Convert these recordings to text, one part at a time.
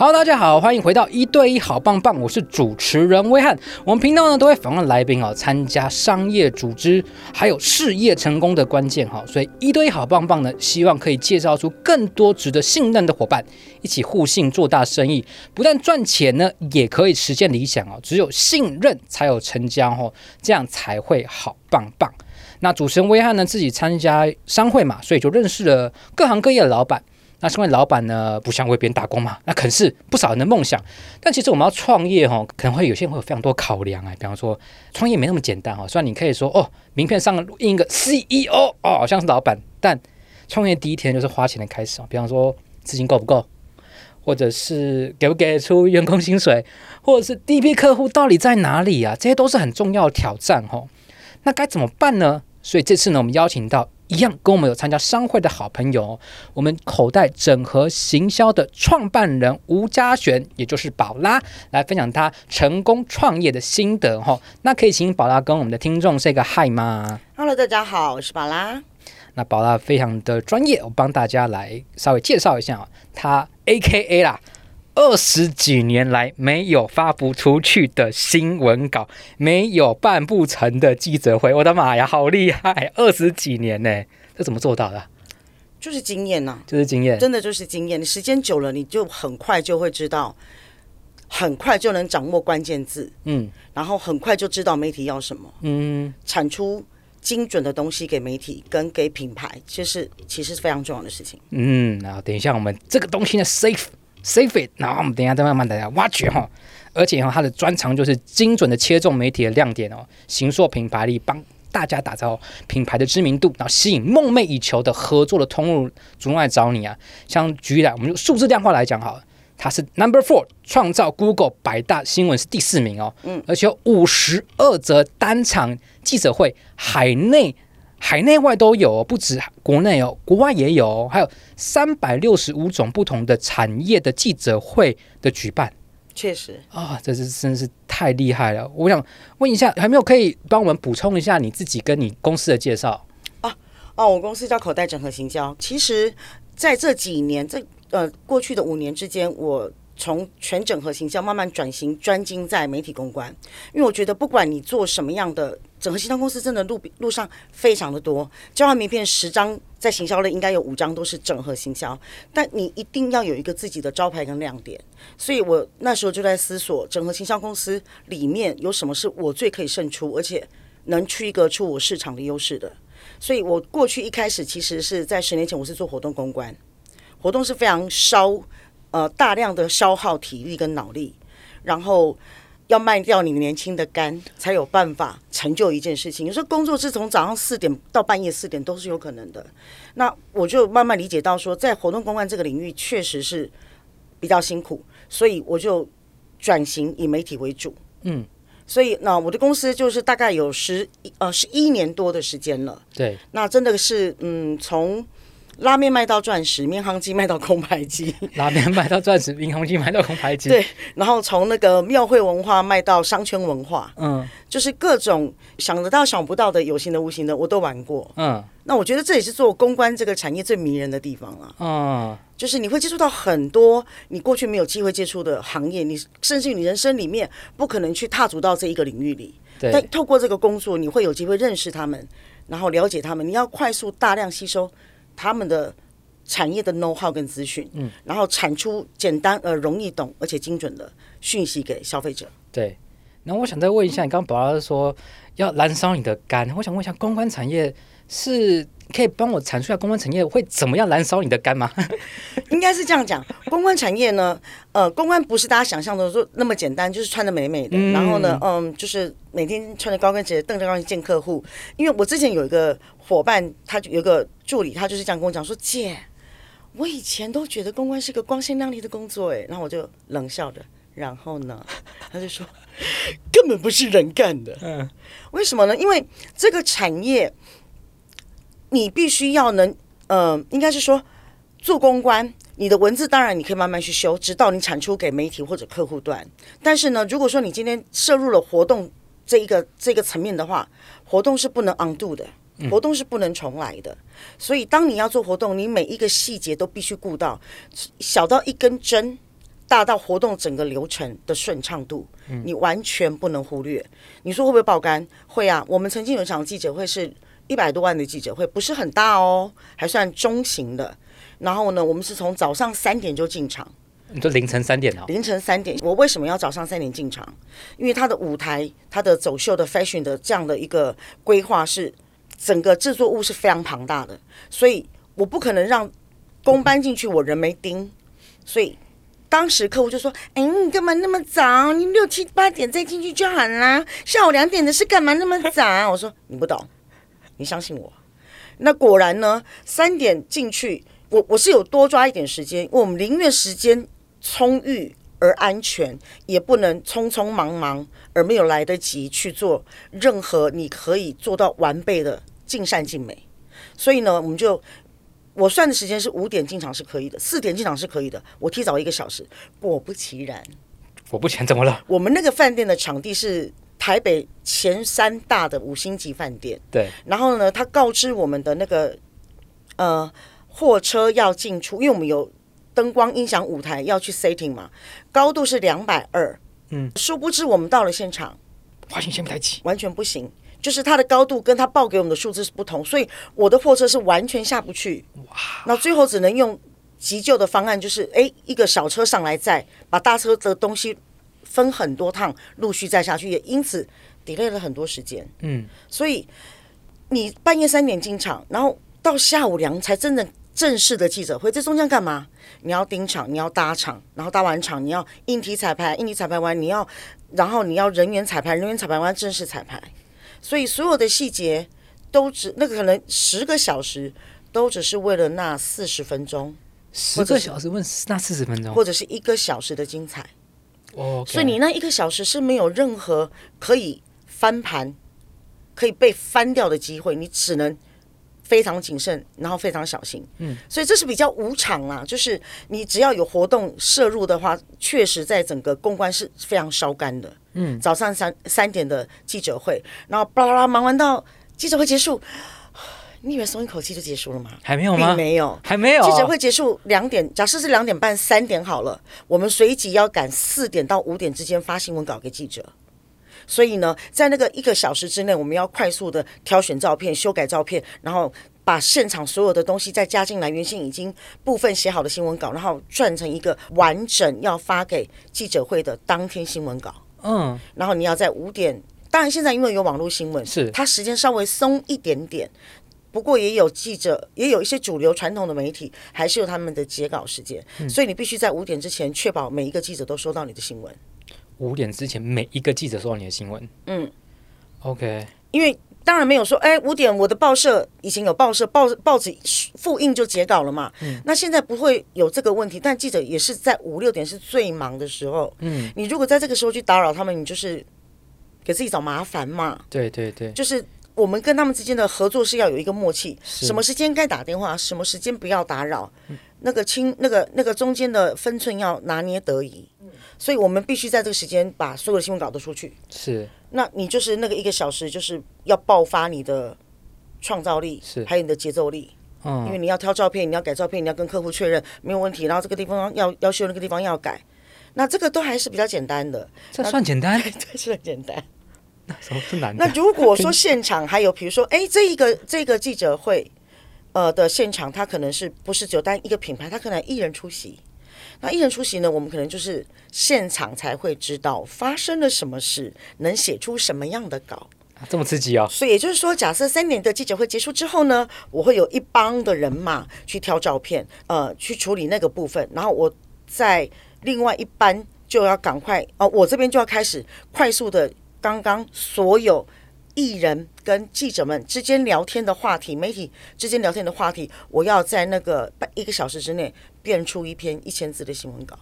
好，大家好，歡迎回到一對一好棒棒，我是主持人威翰。我們頻道呢都會訪問來賓哦，參加商業組織，還有事業成功的關鍵哈哦。所以一對一好棒棒呢，希望可以介紹出更多值得信任的夥伴，一起互信做大生意，不但賺錢呢，也可以實現理想哦。只有信任才有成交哦，這樣才會好棒棒。那主持人威翰呢，自己參加商會嘛，所以就認識了各行各業的老闆。那身為老闆呢，不想為別人打工嘛。那可是不少人的夢想。但其實我們要創業哈、哦，可能會有些人會有非常多考量哎。比方說，創業沒那麼簡單哈、哦。雖然你可以說哦，名片上印一個 CEO 哦，好像是老闆，但創業第一天就是花錢的開始啊、哦。比方說，資金夠不夠，或者是給不給出員工薪水，或者是第一批客戶到底在哪裡啊？這些都是很重要的挑戰哈、哦。那該怎麼辦呢？所以這次呢，我們邀請到，一樣，跟我們有參加商會的好朋友，我們口袋整合行銷的創辦人吳佳玹，也就是寶拉，來分享他成功創業的心得吼。那可以請寶拉跟我們的聽眾 say 個嗨嗎？Hello，大家好，我是寶拉。那寶拉非常的專業，我幫大家來稍微介紹一下，他 AKA 啦。二十幾年來沒有發不出去的新聞稿，沒有辦不成的記者會。我的媽呀，好厲害！二十幾年呢，這怎麼做到的？就是經驗吶、啊，就是經驗，真的就是經驗。你時間久了，你就很快就會知道，很快就能掌握關鍵字。嗯，然後很快就知道媒體要什麼。嗯，產出精準的東西給媒體跟給品牌，就是、其實其實是非常重要的事情。嗯，然後等一下，我們這個東西呢，safe。Save it，然後我們等一下再慢慢大家挖掘哈，而且哈，它的專長就是精準的切中媒體的亮點哦，形塑品牌力，幫大家打造品牌的知名度，然後吸引夢寐以求的合作的通路主動來找你啊。像舉例，我們用數字量化來講好了，它是 number four，創造 Google 百大新聞是第四名哦，嗯，而且有五十二則單場記者會海內。海內外都有，不止國內哦，國外也有，還有三百六十五種不同的產業的記者會的舉辦，確實啊、哦，這是真的是太厲害了。我想問一下，還沒有可以幫我們補充一下你自己跟你公司的介紹啊？哦、啊，我公司叫口袋整合行銷。其實在這幾年，這呃過去的五年之間，我從全整合行銷慢慢轉型專精在媒體公關，因為我覺得不管你做什麼樣的。整合行銷公司真的路路上非常的多，交換名片十張，在行銷類應該有五張都是整合行銷，但你一定要有一個自己的招牌跟亮點。所以我那時候就在思索，整合行銷公司裡面有什麼是我最可以勝出，而且能區隔出我市場的優勢的。所以我過去一開始其實是在十年前，我是做活動公關，活動是非常燒呃大量的消耗體力跟腦力，然後。要賣掉你年輕的肝，才有辦法成就一件事情。有時候工作是從早上四點到半夜四點都是有可能的，那我就慢慢理解到說，在活動公關這個領域確實是比較辛苦，所以我就轉型以媒體為主。嗯，所以那我的公司就是大概有十呃十一年多的時間了。對，那真的是嗯從。拉麵賣到鑽石，民航機賣到空拍機。 拉麵賣到鑽石，民航機賣到空拍機。對，然後從那個廟會文化賣到商圈文化，嗯，就是各種想得到想不到的，有形的、無形的，我都玩過。嗯，那我覺得這也是做公關這個產業最迷人的地方了。嗯，就是你會接觸到很多你過去沒有機會接觸的行業，你甚至於你人生裡面不可能去踏足到這一個領域裡。對，但透過這個工作，你會有機會認識他們，然後了解他們。你要快速大量吸收。他們的產業的 know how 跟資訊，嗯，然後產出簡單呃容易懂而且精準的訊息給消費者。對。那我想再問一下，你剛剛寶拉說要燃燒你的肝，我想問一下公關產業是可以幫我闡述一下公關產業會怎麼樣燃燒你的肝嗎？ 應該是這樣講，公關產業呢，呃，公關不是大家想象的說、呃、那麼簡單，就是穿得美美的、嗯，然後呢，嗯，就是每天穿着高跟鞋蹬着高跟鞋見客戶。因為我之前有一個。夥伴，他就有個助理，他就是這樣跟我講說：“姐，我以前都覺得公關是個光鮮亮麗的工作欸，然後我就冷笑着，然後呢，他就說：“根本不是人幹的。”嗯，為什麼呢？因為這個產業，你必須要能，呃，應該是說做公關，你的文字當然你可以慢慢去修，直到你產出給媒體或者客戶端。但是呢，如果說你今天涉入了活動這一個這個層面的話，活動是不能 undo 的。活動是不能重來的，嗯，所以當你要做活動，你每一個細節都必須顧到，小到一根針，大到活動整個流程的順暢度，你完全不能忽略，嗯。你說會不會爆肝？會啊，我們曾經有一場記者會是一百多萬的記者會，不是很大哦，還算中型的。然後呢，我們是從早上三點就進場，你說凌晨三點了。凌晨三點，我為什麼要早上三點進場？因為他的舞台、他的走秀的 fashion 的這樣的一個規劃是。整個製作物是非常龐大的，所以我不可能讓工班進去，我人沒盯。所以當時客戶就說：“哎，你幹嘛那麼早？你六七八點再進去就好啦。下午兩點的事幹嘛那麼早？”我說：“你不懂，你相信我。”那果然呢，三點進去，我我是有多抓一點時間。我們寧願時間充裕而安全，也不能匆匆忙忙而沒有來得及去做任何你可以做到完備的。盡善盡美，所以呢，我們就我算的時間是五點進場是可以的，四點進場是可以的。我提早一個小時，果不其然，果不其然怎麼了？我們那個飯店的場地是台北前三大的五星級飯店，對。然後呢，他告知我們的那個呃貨車要進出，因為我們有燈光音響舞台要去 setting 嘛，高度是兩百二，嗯。殊不知我們到了現場，滑行先，不太急，完全不行。就是它的高度跟它報給我們的數字是不同，所以我的貨車是完全下不去。哇！那最後只能用急救的方案，就是哎一個小車上來載，把大車的東西分很多趟陸續載下去，也因此 delay 了很多時間。嗯，所以你半夜三點進場，然後到下午兩點才真正正式的記者會。這中間幹嘛？你要盯場，你要搭場，然後搭完場你要硬體彩排，硬體彩排完你要，然後你要人員彩排，人員彩排完正式彩排。所以所有的細節都只那可能十個小時都只是為了那四十分鐘，十個小時問那四十分鐘，或者是一個小時的精彩。哦，okay，所以你那一個小時是沒有任何可以翻盤、可以被翻掉的機會，你只能。非常謹慎，然後非常小心，嗯，所以這是比較無常啦、啊。就是你只要有活動攝入的話，確實在整個公關是非常燒肝的，嗯。早上三三點的記者會，然後巴拉拉忙完到記者會結束，你以為鬆一口氣就結束了嗎？還沒有嗎？沒有，還沒有。記者會結束兩點，假設是兩點半，三點好了，我們隨即要趕四點到五點之間發新聞稿給記者。所以呢，在那個一個小時之內，我們要快速的挑選照片、修改照片，然後把現場所有的東西再加進來。原先已經部分寫好的新聞稿，然後轉成一個完整要發給記者會的當天新聞稿。嗯，然後你要在五點。當然，現在因為有網絡新聞，是它時間稍微鬆一點點。不過，也有記者，也有一些主流傳統的媒體，還是有他們的截稿時間。所以，你必須在五點之前確保每一個記者都收到你的新聞。五點之前，每一個記者收到你的新聞。嗯，OK。因為當然沒有說，哎、欸，五點我的報社以前有報社報報紙複印就截稿了嘛。嗯，那現在不會有這個問題。但記者也是在五六點是最忙的時候。嗯，你如果在這個時候去打擾他們，你就是給自己找麻煩嘛。對對對，就是我們跟他們之間的合作是要有一個默契，什麼時間該打電話，什麼時間不要打擾、嗯，那個親，那個那個中間的分寸要拿捏得宜。所以，我們必須在這個時間把所有的新聞稿都出去。是。那你就是那個一個小時，就是要爆發你的創造力，是，還有你的節奏力。嗯。因為你要挑照片，你要改照片，你要跟客戶確認沒有問題，然後這個地方要要修，那個地方要改，那這個都還是比較簡單的。這算簡單？ 這算簡單。 那什麼是難的？ 那如果說現場還有，比如說，哎、欸，這一個這個記者會，呃的現場，他可能是不是就單一個品牌，他可能一人出席。那藝人出席呢？我們可能就是現場才會知道發生了什麼事，能寫出什麼樣的稿。這麼刺激啊、哦！所以也就是說，假設三年的記者會結束之後呢，我會有一幫的人馬去挑照片，呃，去處理那個部分，然後我在另外一班就要趕快哦、呃，我這邊就要開始快速的剛剛所有，藝人跟記者們之間聊天的話題，媒體之間聊天的話題，我要在那個一個小時之內編出一篇一千字的新聞稿。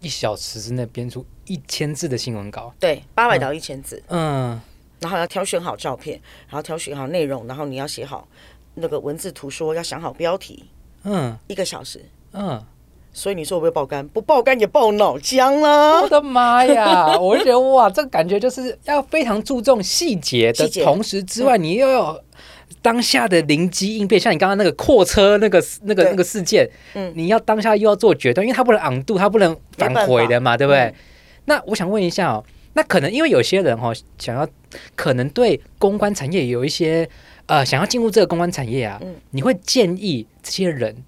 一小時之內編出一千字的新聞稿，對，八百到一千字，嗯。嗯，然後要挑選好照片，然後挑選好內容，然後你要寫好那個文字圖說，要想好標題。嗯，一個小時。嗯。所以你說我會不會爆肝？不爆肝也爆腦漿啦、啊、我的媽呀！我就覺得哇， 這個感覺就是要非常注重細節的。同時之外，你又要當下的靈機應變、嗯。像你剛剛那個擴車那個那個那個事件、嗯，你要當下又要做決斷，因為他不能 undo，他不能反悔的嘛，對不對、嗯？那我想問一下哦，那可能因為有些人哦，想要可能對公關產業有一些呃想要進入這個公關產業啊，嗯、你會建議這些人？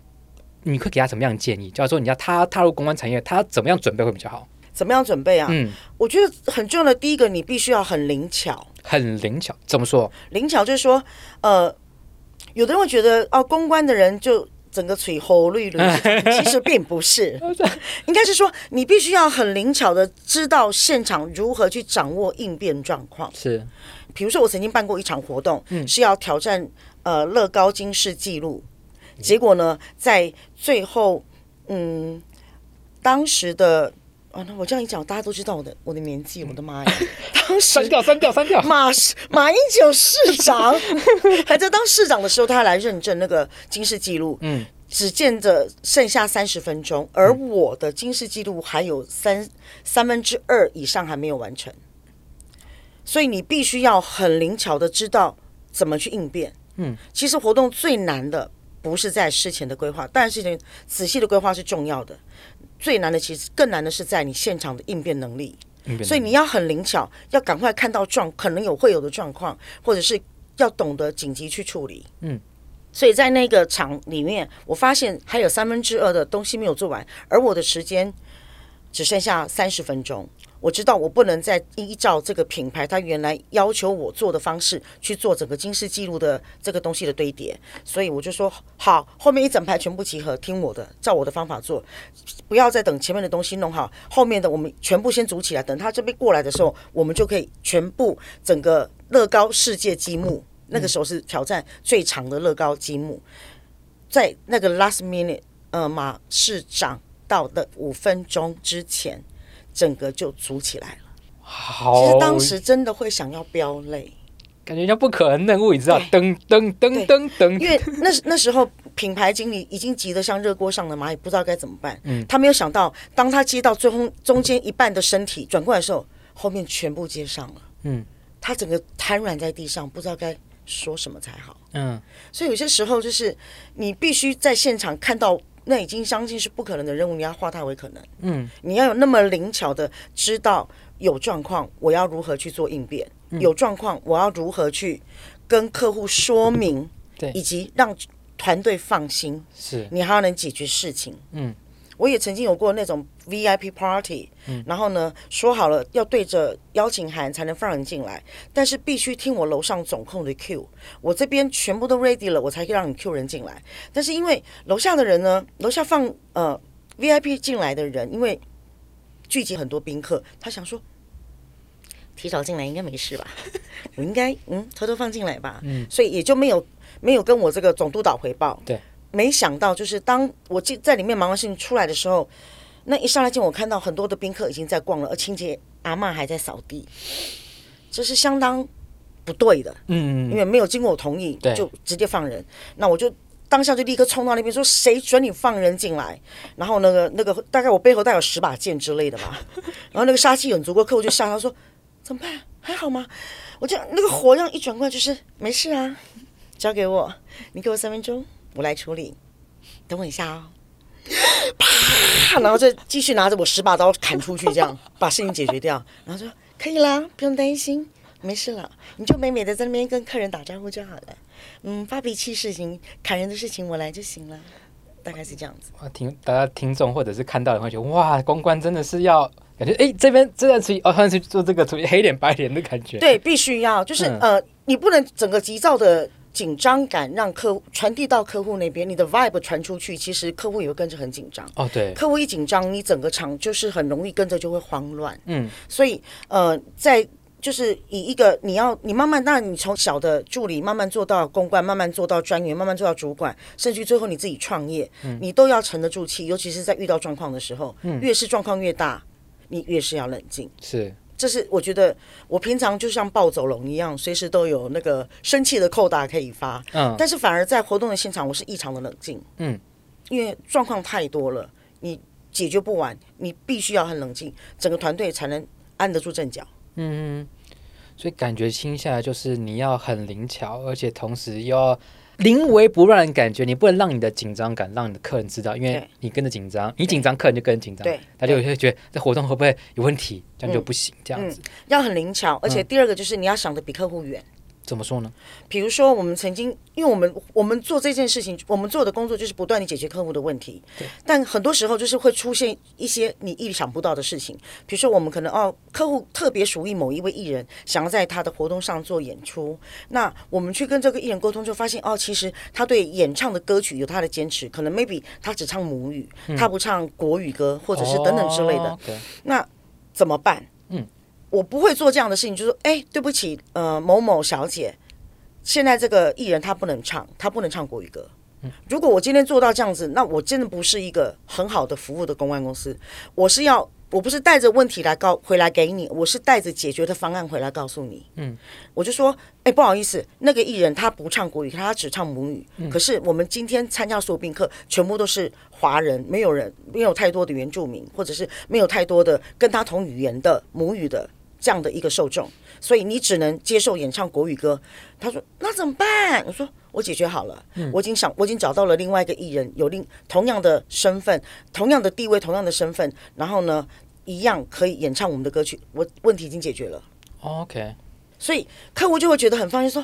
你會給他什麼樣的建議？叫做你要他踏，踏入公關產業，他怎麼樣準備會比較好？怎麼樣準備啊？嗯，我覺得很重要的第一個，你必須要很靈巧。很靈巧？怎麼說？靈巧就是說，呃，有的人會覺得哦、呃，公關的人就整個嘴猴綠綠， 其實並不是， 應該是說你必須要很靈巧的知道現場如何去掌握應變狀況。是，比如說我曾經辦過一場活動，嗯、是要挑戰呃樂高金氏紀錄。結果呢，在最後，嗯，當時的，啊，那我這樣一講，大家都知道我的我的年紀、嗯，我的媽呀！刪掉，刪掉，刪掉。馬馬英九市長 還在當市長的時候，他來認證那個金氏紀錄，嗯，只見着剩下三十分鐘，而我的金氏紀錄還有三、嗯、三分之二以上還沒有完成。所以你必須要很靈巧的知道怎麼去應變。嗯，其實活動最難的。不是在事前的規劃，但是事情仔細的規劃是重要的。最難的其實更難的是在你現場的應變，應變能力，所以你要很靈巧，要趕快看到狀可能有會有的狀況，或者是要懂得緊急去處理。嗯，所以在那個場裡面，我發現還有三分之二的東西沒有做完，而我的時間只剩下三十分鐘。我知道我不能再依照這個品牌他原來要求我做的方式去做整個金氏紀錄的這個東西的堆疊，所以我就說好，後面一整排全部集合聽我的，照我的方法做，不要再等前面的東西弄好，後面的我們全部先組起來，等他這邊過來的時候，我們就可以全部整個樂高世界積木，那個時候是挑戰最長的樂高積木，在那個 last minute，呃，馬市長到的五分鐘之前。整個就組起來了好，其實當時真的會想要飆淚，感覺像不可能的任務，你知道，噔噔噔噔噔。因為那 那時候品牌經理已經急得像熱鍋上的螞蟻，也不知道該怎麼辦。嗯，他沒有想到，當他接到最後中間一半的身體轉過來的時候，後面全部接上了。嗯，他整個癱軟在地上，不知道該說什麼才好。嗯，所以有些時候就是你必須在現場看到。那已經相信是不可能的任務，你要化它為可能。嗯，你要有那麼靈巧的知道有狀況，我要如何去做應變？嗯、有狀況，我要如何去跟客戶說明？對，以及讓團隊放心。是，你還要能解決事情。嗯。我也曾經有過那種 VIP party，嗯，然後呢，說好了要對着邀請函才能放人進來，但是必須聽我樓上總控的 cue，我這邊全部都 ready 了，我才可以讓你 cue 人進來。但是因為樓下的人呢，樓下放呃 VIP 進來的人，因為聚集很多賓客，他想說提早進來應該沒事吧， 我應該嗯偷偷放進來吧，嗯，所以也就沒有沒有跟我這個總督導回報，對。沒想到，就是當我就在裡面忙完事情出來的時候，那一上來見我看到很多的賓客已經在逛了，而清潔阿嬤還在掃地，這是相當不對的。嗯，因為沒有經過我同意，對，就直接放人。那我就當下就立刻衝到那邊說：“誰准你放人進來？”然後那個那個大概我背後帶有十把劍之類的吧。 然後那個殺氣很足夠，個客戶就嚇他說：“怎麼辦？還好嗎？”我就那個火樣一轉過來就是：“沒事啊，交給我，你給我三分鐘。”我來處理，等我一下哦。啪，然後就繼續拿着我十把刀砍出去，這樣 把事情解決掉。然後說可以啦，不用擔心，沒事了，你就美美的在那邊跟客人打招呼就好了。嗯，發脾氣事情，砍人的事情我來就行了，大概是這樣子。哇，聽大家聽眾或者是看到的話，覺得哇，公關真的是要感覺哎，這邊這段出去哦，好像是做這個出去黑臉白臉的感覺。對，必須要就是，嗯，呃，你不能整個急躁的。緊張感讓客戶傳遞到客戶那邊，你的 vibe 傳出去，其實客戶也會跟着很緊張。哦，對，客戶一緊張，你整個場就是很容易跟着就會慌亂。嗯，所以呃，在就是以一個你要你慢慢，那你從小的助理慢慢做到公關，慢慢做到專員，慢慢做到主管，甚至最後你自己創業，嗯、你都要沉得住氣，尤其是在遇到狀況的時候，嗯、越是狀況越大，你越是要冷靜。是。就是我覺得我平常就像暴走龍一樣，隨時都有那個生氣的扣打可以發。嗯，但是反而在活動的現場，我是異常的冷靜。嗯，因為狀況太多了，你解決不完，你必須要很冷靜，整個團隊才能按得住陣腳。嗯嗯，所以感覺聽下來就是你要很靈巧，而且同時又要。臨危不亂的感覺，你不能讓你的緊張感讓你的客人知道，因為你跟着緊張，你緊張，客人就跟着緊張，他就有些覺得這活動會不會有問題，這樣就不行，嗯、這樣子、嗯、要很靈巧，而且第二個就是你要想得比客戶遠。怎麼說呢？比如說，我們曾經，因為我們我們做這件事情，我們做的工作就是不斷的解決客戶的問題。對。但很多時候就是會出現一些你意想不到的事情。比如說，我們可能哦，客戶特別屬意某一位藝人，想要在他的活動上做演出。那我們去跟這個藝人溝通，就發現哦，其實他對演唱的歌曲有他的堅持，可能 maybe 他只唱母語，嗯，他不唱國語歌，或者是等等之類的。哦 okay，那怎麼辦？嗯。我不會做這樣的事情，就是、說哎、欸，對不起，呃，某某小姐，現在這個藝人他不能唱，他不能唱國語歌。嗯。如果我今天做到這樣子，那我真的不是一個很好的服務的公關公司。我是要，我不是帶着問題來告回來給你，我是帶着解決的方案回來告訴你。嗯，我就說，欸、不好意思，那個藝人他不唱國語，他只唱母語。嗯，可是我們今天參加所有賓客全部都是華人，沒有人沒有太多的原住民，或者是沒有太多的跟他同語言的母語的這樣的一個受眾，所以你只能接受演唱國語歌。他說：“那怎麼辦？”我說：“我解決好了，嗯、我已經想，我已經找到了另外一個藝人，有另同樣的身份、同樣的地位、同樣的身份，然後呢，一樣可以演唱我們的歌曲。我問題已經解決了。Oh, ” OK。所以客戶就會覺得很放心，說：“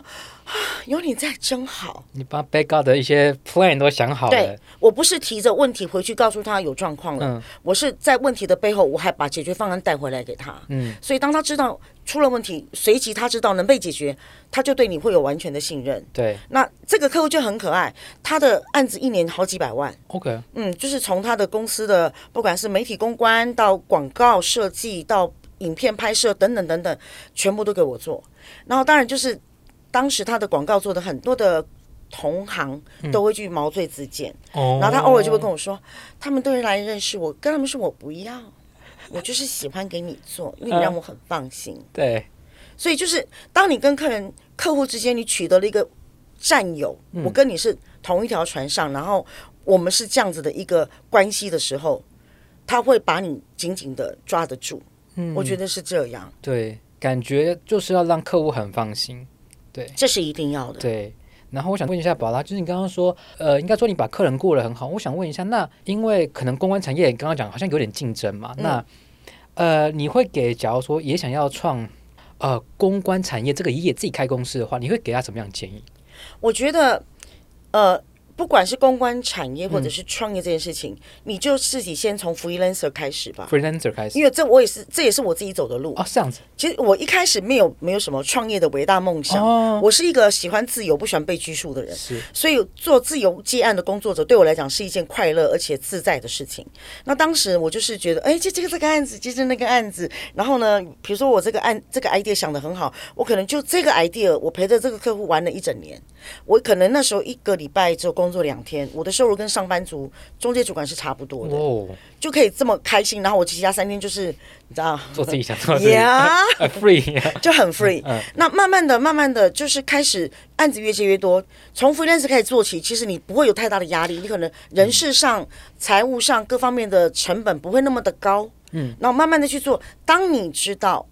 啊，有你在真好。”你把被告的一些 plan 都想好了。對，我不是提着問題回去告訴他有狀況了，嗯，我是在問題的背後，我還把解決方案帶回來給他。嗯，所以當他知道出了問題，隨即他知道能被解決，他就對你會有完全的信任。對，那這個客戶就很可愛，他的案子一年好幾百萬。OK，嗯，就是從他的公司的不管是媒體公關到廣告設計到影片拍攝等等等等，全部都給我做。然後當然就是，當時他的廣告做的很多的同行都會去毛遂自薦。哦、嗯，然後他偶爾就會跟我說、嗯，他們都會來認識我，跟他們說我不要，我就是喜歡給你做，嗯、因為你讓我很放心、嗯。對，所以就是當你跟客人、客戶之間你取得了一個戰友、嗯，我跟你是同一條船上，然後我們是這樣子的一個關係的時候，他會把你緊緊的抓得住。嗯，我覺得是這樣。對。感覺就是要讓客戶很放心，對，這是一定要的。對，然後我想問一下，寶拉，就是你剛剛說，呃，應該說你把客人過得很好。我想問一下，那因為可能公關產業剛剛講好像有點競爭嘛，嗯、那呃，你會給，假如說也想要創呃公關產業這個業自己開公司的話，你會給他什麼樣的建議？我覺得，呃。不管是公關產業或者是創業這件事情、嗯，你就自己先從 freelancer 開始吧。freelancer 開始，因為這我也是，這也是我自己走的路啊。這樣子。其實我一開始沒有沒有什麼創業的偉大夢想。哦、oh。我是一個喜歡自由、不喜歡被拘束的人。是。所以做自由接案的工作者，對我來講是一件快樂而且自在的事情。那當時我就是覺得，哎，接這個這個案子，接著那個案子，然後呢，比如說我這個案這個 idea 想得很好，我可能就這個 idea，我陪着這個客戶玩了一整年。我可能那時候一個禮拜只有工作兩天，我的收入跟上班族中階主管是差不多的，oh. 就可以這麼開心。然後我其他三天就是你知道，做自己想做，yeah，free，、uh, uh, yeah. 就很 free、uh,。Uh, 那慢慢的、慢慢的，就是開始案子越接越多，從 freelance 開始做起，其實你不會有太大的壓力，你可能人事上、嗯、財務上各方面的成本不會那麼的高。嗯，那我慢慢的去做，當你知道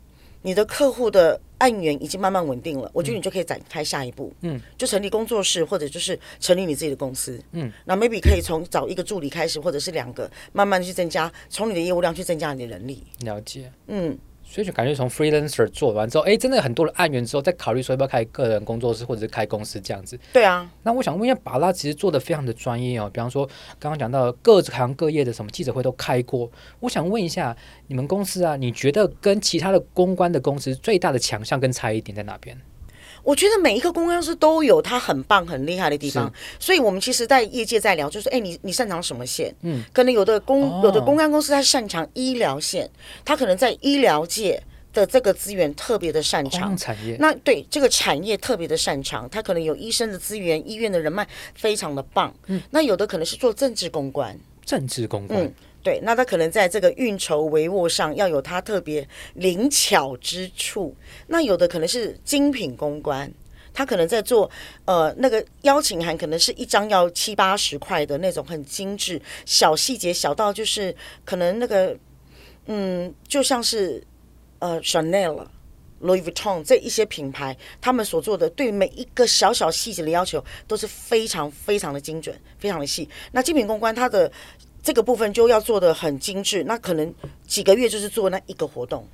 你的客戶的，案源已經慢慢穩定了，我覺得你就可以展開下一步，嗯，就成立工作室或者就是成立你自己的公司，嗯，那 maybe 可以從找一個助理開始，或者是兩個，慢慢去增加，從你的業務量去增加你的人力，了解，嗯。所以就感覺從 freelancer 做完之後，哎，真的很多的案源之後再考慮說要不要開個人工作室或者是開公司這樣子。對啊。那我想問一下，寶拉其實做的非常的專業哦，比方說剛剛講到各行各業的什麼記者會都開過，我想問一下，你們公司啊，你覺得跟其他的公關的公司最大的強項跟差異點在哪邊？我覺得每一個公關公司都有他很棒、很厲害的地方，所以，我們其實，在業界在聊，就是哎、欸，你你擅長什麼線？嗯，可能有的公、哦、有的公關公司，他擅長醫療線，他可能在醫療界的這個資源特別的擅長產業。那對這個產業特別的擅長，他可能有醫生的資源、醫院的人脈非常的棒。嗯，那有的可能是做政治公關，政治公關。嗯對，那他可能在這個運籌帷幄上要有他特別靈巧之處。那有的可能是精品公關，他可能在做呃那個邀請函，可能是一張要七八十塊的那種，很精緻，小細節小到就是可能那個嗯，就像是呃 Chanel、Louis Vuitton 這一些品牌，他們所做的對每一個小小細節的要求都是非常非常的精準，非常的細。那精品公關他的。這個部分就要做得很精緻，那可能幾個月就是做那一個活動，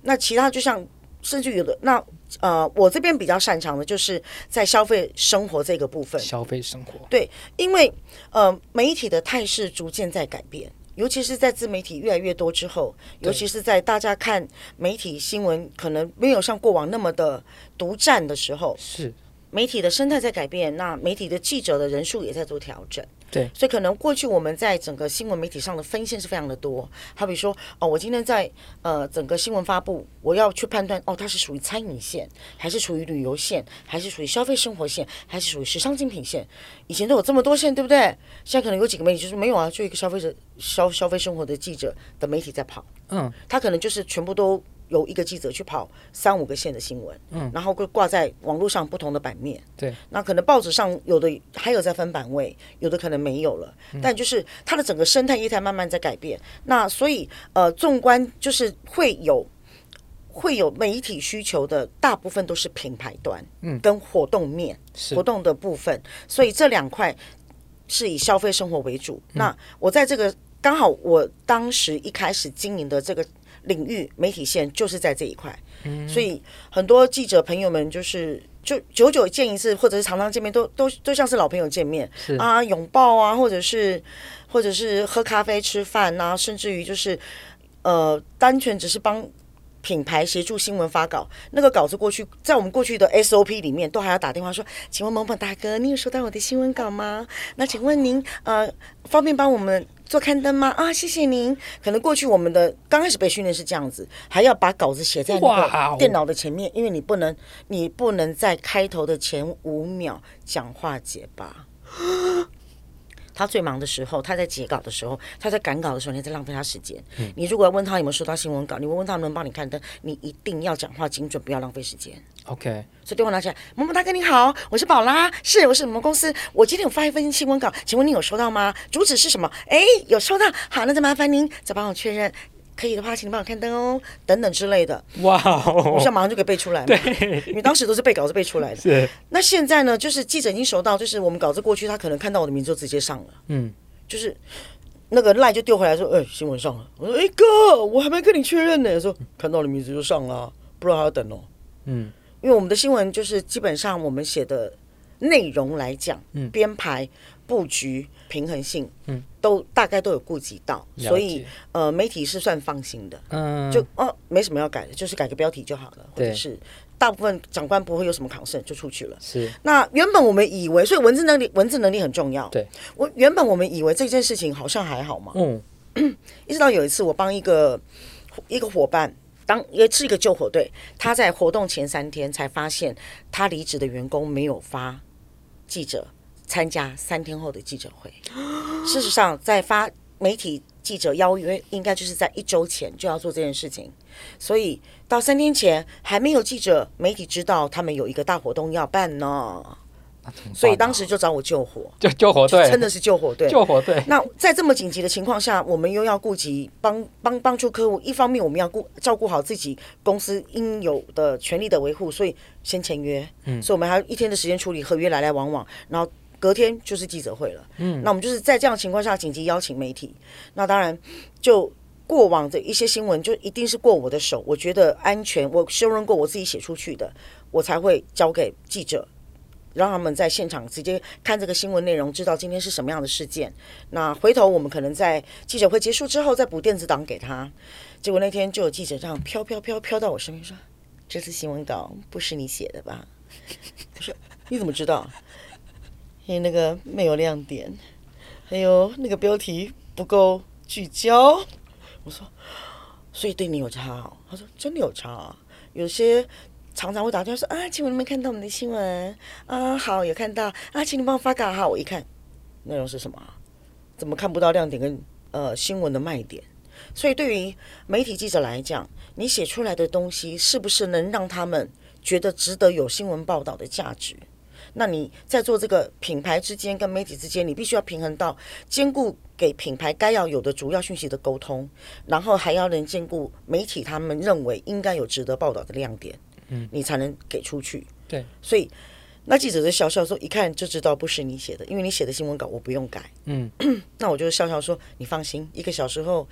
那其他就像甚至有的那呃，我這邊比較擅長的就是在消費生活這個部分，消費生活對，因為呃，媒體的態勢逐漸在改變，尤其是在自媒體越來越多之後，尤其是在大家看媒體新聞可能沒有像過往那麼的獨佔的時候是。媒體的生態在改變，那媒體的記者的人數也在做調整。對，所以可能過去我們在整個新聞媒體上的分線是非常的多，好比如說哦，我今天在呃整個新聞發布，我要去判斷哦它是屬於餐飲線，還是屬於旅遊線，還是屬於消費生活線，還是屬於時尚精品線？以前都有這麼多線，對不對？現在可能有幾個媒體就是沒有啊，就一個消費者消消費生活的記者的媒體在跑，嗯，他可能就是全部都。有一個記者去跑三五個線的新聞，嗯，然後會掛在網絡上不同的版面，對，那可能報紙上有的還有在分版位，有的可能沒有了，嗯、但就是它的整個生態業態慢慢在改變。那所以呃，縱觀就是會有會有媒體需求的，大部分都是品牌端，嗯，跟活動面、嗯、活動的部分，所以這兩塊是以消費生活為主。嗯、那我在這個剛好我當時一開始經營的這個。領域媒體線就是在這一塊，所以很多記者朋友們就是就久久見一次，或者是常常見面，都都都像是老朋友見面，是啊，擁抱啊，或者是或者是喝咖啡、吃飯啊，甚至於就是呃，單純只是幫品牌協助新聞發稿。那個稿子過去在我們過去的 SOP 裡面，都還要打電話說：“請問某某大哥，你有收到我的新聞稿嗎？那請問您呃，方便幫我們？”做刊登嗎？啊，謝謝您。可能過去我們的剛開始被訓練是這樣子，還要把稿子寫在你電腦的前面，Wow. 因為你不能，你不能在開頭的前五秒講話結巴。他最忙的時候，他在截稿，稿的時候，他在趕稿的時候，你在浪費他時間。嗯、你如果要問他有沒有收到新聞稿，你問問他能不能幫你看燈，你一定要講話精準，不要浪費時間。OK，所以電話拿起來，某某大哥你好，我是寶拉，是我是我們公司，我今天有發一份新聞稿，請問你有收到嗎？主旨是什麼？哎，有收到。好，那再麻煩您再幫我確認。可以的話，請你幫我開燈哦，等等之類的。哇，我現在馬上就可以背出來。對，因為當時都是背稿子背出來的。對。那現在呢？就是記者已經收到，就是我們稿子過去，他可能看到我的名字就直接上了。嗯。就是那個 LINE 就丟回來說、欸：“哎新聞上了。”我說、欸：“哎哥，我還沒跟你確認呢。”說：“看到你的名字就上了、啊，不然還要等哦。”嗯。因為我們的新聞就是基本上我們寫的。內容來講，編、嗯、排、布局、平衡性，嗯、都大概都有顧及到，所以呃，媒體是算放心的。嗯，就哦，沒什麼要改的，就是改個標題就好了，或者是大部分長官不會有什麼考試就出去了。是。那原本我們以為，所以文字能力，文字能力很重要。對。我原本我們以為這件事情好像還好嘛。嗯。 一直到有一次，我幫一個一個伙伴當也是一個救火隊，他在活動前三天才發現，他離職的員工沒有發。記者參加三天後的記者會。事實上，在發媒體記者邀約，應該就是在一周前就要做這件事情。所以到三天前，還沒有記者媒體知道他們有一個大活動要辦呢。啊、所以當時就找我救火，救救火隊，真的是救火隊，救火隊。那在這麼緊急的情況下，我們又要顧及幫幫幫助客戶，一方面我們要顧照顧好自己公司應有的權利的維護，所以先簽約。嗯，所以我們還有一天的時間處理合約來來往往，然後隔天就是記者會了。嗯，那我們就是在這樣的情況下緊急邀請媒體。那當然，就過往的一些新聞，就一定是過我的手，我覺得安全，我確認過我自己寫出去的，我才會交給記者。讓他們在現場直接看這個新聞內容，知道今天是什麼樣的事件。那回頭我們可能在記者會結束之後再補電子檔給他。結果那天就有記者這樣飄飄飄飄到我身邊說：“這次新聞稿不是你寫的吧？” 我說：“你怎麼知道？因為那個沒有亮點，還有那個標題不夠聚焦。”我說：“所以對你有差哦。”他說：“真的有差啊，有些。”常常會打電話說啊，請問你沒看到我們的新聞？啊，好，有看到啊，請你幫我發稿哈。我一看，內容是什麼？怎麼看不到亮點跟呃新聞的賣點？所以對於媒體記者來講，你寫出來的東西是不是能讓他們覺得值得有新聞報道的價值？那你在做這個品牌之間跟媒體之間，你必須要平衡到兼顧給品牌該要有的主要訊息的溝通，然後還要能兼顧媒體他們認為應該有值得報道的亮點。你才能給出去、嗯。對，所以那記者就笑笑說：“一看就知道不是你寫的，因為你寫的新聞稿我不用改。”嗯，嗯， 那我就笑笑說：“你放心，一個小時後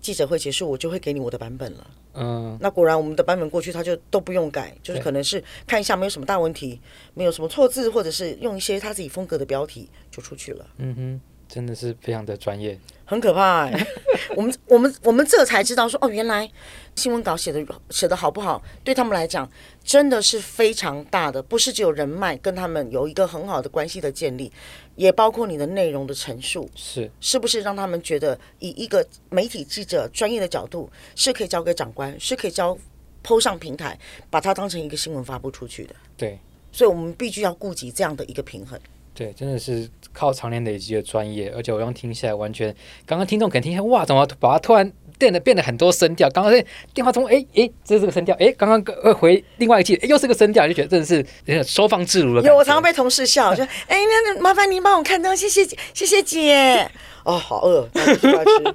記者會結束，我就會給你我的版本了。”嗯，那果然我們的版本過去，他就都不用改、嗯，就是可能是看一下沒有什麼大問題、哎，沒有什麼錯字，或者是用一些他自己風格的標題就出去了。嗯真的是非常的專業，很可怕、欸 我。我們我們我們這才知道說哦，原來新聞稿寫的寫的好不好，對他們來講真的是非常大的。不是只有人脈，跟他們有一個很好的關係的建立，也包括你的內容的陳述，是是不是讓他們覺得以一個媒體記者專業的角度是可以交給長官，是可以交 po 上平台，把它當成一個新聞發布出去的。對，所以我們必須要顧及這樣的一個平衡。對，真的是靠常年累積的專業，而且我剛聽起來完全，剛剛聽眾可能聽起來哇，怎麼把它突然了變得變得很多聲調？剛剛在電話中，哎哎，這是個聲調，哎，剛剛回另外一個季，又是個聲調，就覺得真的是，真是收放自如了。有，我常常被同事笑，說哎，那麻煩您幫我看呢，謝謝姐，謝謝姐。哦，好餓，過來吃。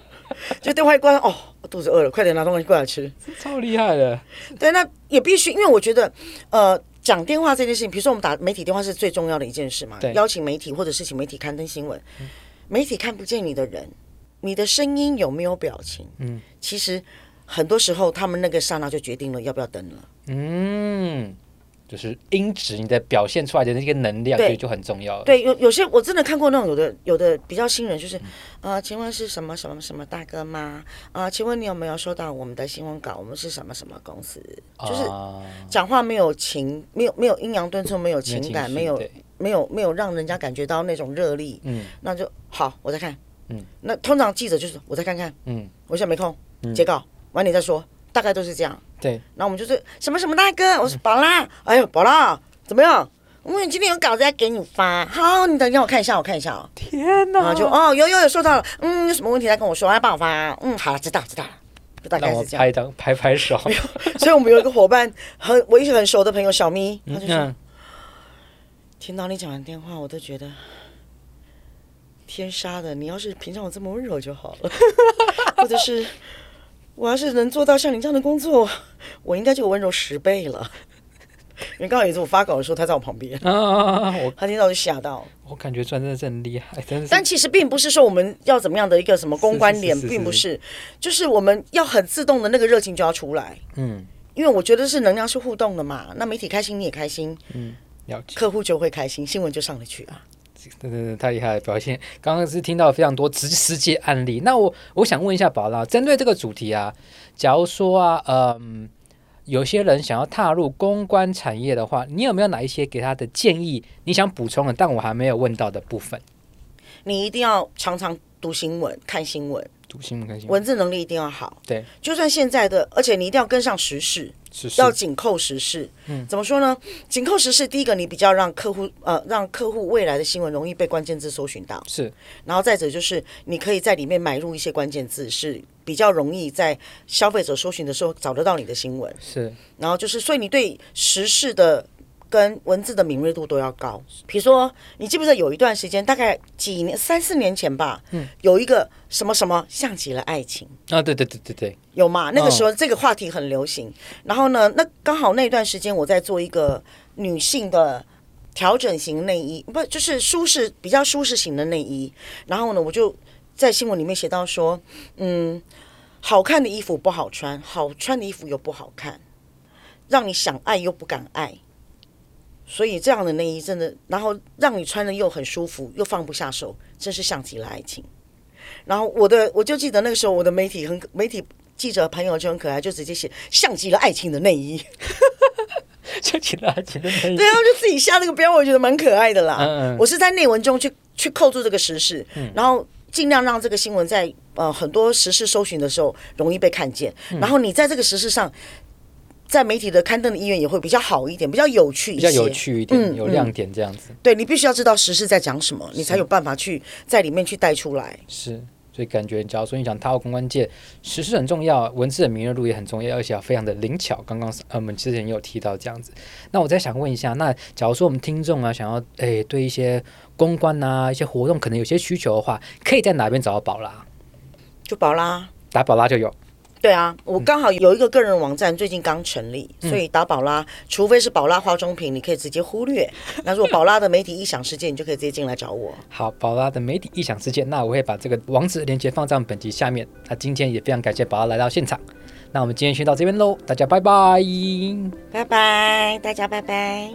就電話一關，哦，我肚子餓了，快點拿東西過來吃。這超厲害的。對，那也必須，因為我覺得，呃。講電話這件事情，比如說我們打媒體電話是最重要的一件事嘛，對，邀請媒體或者是請媒體刊登新聞，媒體看不見你的人，你的聲音有沒有表情？嗯，其實很多時候他們那個剎那就決定了要不要登了。嗯。就是音質，你的表現出來的那些能量，對，就很重要。對，有有些我真的看過那種，有的有的比較新人，就是，啊、嗯呃，請問是什麼什麼什麼大哥嗎？啊、呃，請問你有沒有收到我們的新聞稿？我們是什麼什麼公司？啊、就是講話沒有情，沒有沒有陰陽頓挫，沒有情感，沒有沒有，沒有，沒有沒有讓人家感覺到那種熱力。嗯，那就好，我再看。嗯，那通常記者就是我再看看。嗯，我現在沒空，嗯、截稿，晚點再說。大概都是這樣。對，那我們就是什麼什麼大哥，我是寶拉。嗯、哎呦，寶拉，怎麼樣？我、嗯、們今天有稿子要給你發，好，你等一下，我看一下，我看一下哦。天哪！就哦，有有有收到了。嗯，有什麼問題再跟我說，再、啊、幫我發。嗯，好了，知道知道了。那我拍一張，拍拍手。 所以我們有一個夥伴，很我一直很熟的朋友小咪，他就是、嗯、聽到你講完電話，我都覺得天殺的，你要是平常有這麼溫柔就好了， 或者是。我要是能做到像你這樣的工作，我應該就溫柔十倍了。因為剛好有一次我發稿的時候，他在我旁邊啊，他聽到我就嚇到。我感覺真的真厲害，真的。但其實並不是說我們要怎麼樣的一個什麼公關臉，並不是，就是我們要很自動的那個熱情就要出來。嗯。因為我覺得是能量是互動的嘛，那媒體開心你也開心，嗯，客戶就會開心，新聞就上得去啊。太厲害了！表現剛剛是聽到非常多實實際案例。那我我想問一下寶拉，針對這個主題啊，假如說啊，嗯、呃，有些人想要踏入公關產業的話，你有沒有哪一些給他的建議？你想補充的，但我還沒有問到的部分？你一定要常常讀新聞、看新聞，讀新聞、看新聞，文字能力一定要好。對，就算現在的，而且你一定要跟上時事。是是，要緊扣時事，嗯，怎麼說呢？緊扣時事，第一個你比較讓客戶呃，讓客戶未來的新聞容易被關鍵字搜尋到，是。然後再者就是，你可以在裡面買入一些關鍵字，是比較容易在消費者搜尋的時候找得到你的新聞，是。然後就是，所以你對時事的。跟文字的敏銳度都要高。比如說，你記不記得有一段時間，大概幾年三四年前吧，嗯，有一個什麼什麼像極了愛情啊，對，哦，對對對對，有嗎？那個時候這個話題很流行。哦。然後呢，那剛好那段時間我在做一個女性的調整型內衣，不就是舒適比較舒適型的內衣。然後呢，我就在新聞裡面寫到說，嗯，好看的衣服不好穿，好穿的衣服又不好看，讓你想愛又不敢愛。所以這樣的內衣真的，然後讓你穿得又很舒服，又放不下手，真是像極了愛情。然後我的，我就記得那個時候我的媒體很媒體記者朋友就很可愛，就直接寫像極了愛情的內衣，像極了愛情的內衣。 內衣對啊，就自己下這個標，我覺得蠻可愛的啦。嗯嗯我是在內文中去去扣住這個時事，嗯，然後盡量讓這個新聞在呃很多時事搜尋的時候容易被看見，嗯。然後你在這個時事上。在媒體的刊登的意願也會比較好一點，比較有趣一些，比較有趣一點，嗯、有亮點這樣子。嗯、對，你必須要知道時事在講什麼，你才有辦法去在裡面去帶出來。是，所以感覺假如說你想踏入公關界，時事很重要，文字的敏銳度也很重要，而且非常的靈巧。剛剛、呃、我們之前也有提到這樣子。那我再想問一下，那假如說我們聽眾啊想要誒、哎、對一些公關啊一些活動可能有些需求的話，可以在哪邊找到寶拉？就寶拉，打寶拉就有。對啊，我剛好有一個個人網站，最近剛成立，嗯，所以打寶拉，除非是寶拉化妝品，你可以直接忽略。那如果寶拉的媒體異想世界，你就可以直接進來找我。好，寶拉的媒體異想世界，那我會把這個網址連接放在我們本集下面。那今天也非常感謝寶拉來到現場。那我們今天先到這邊嘍，大家拜拜，拜拜，大家拜拜。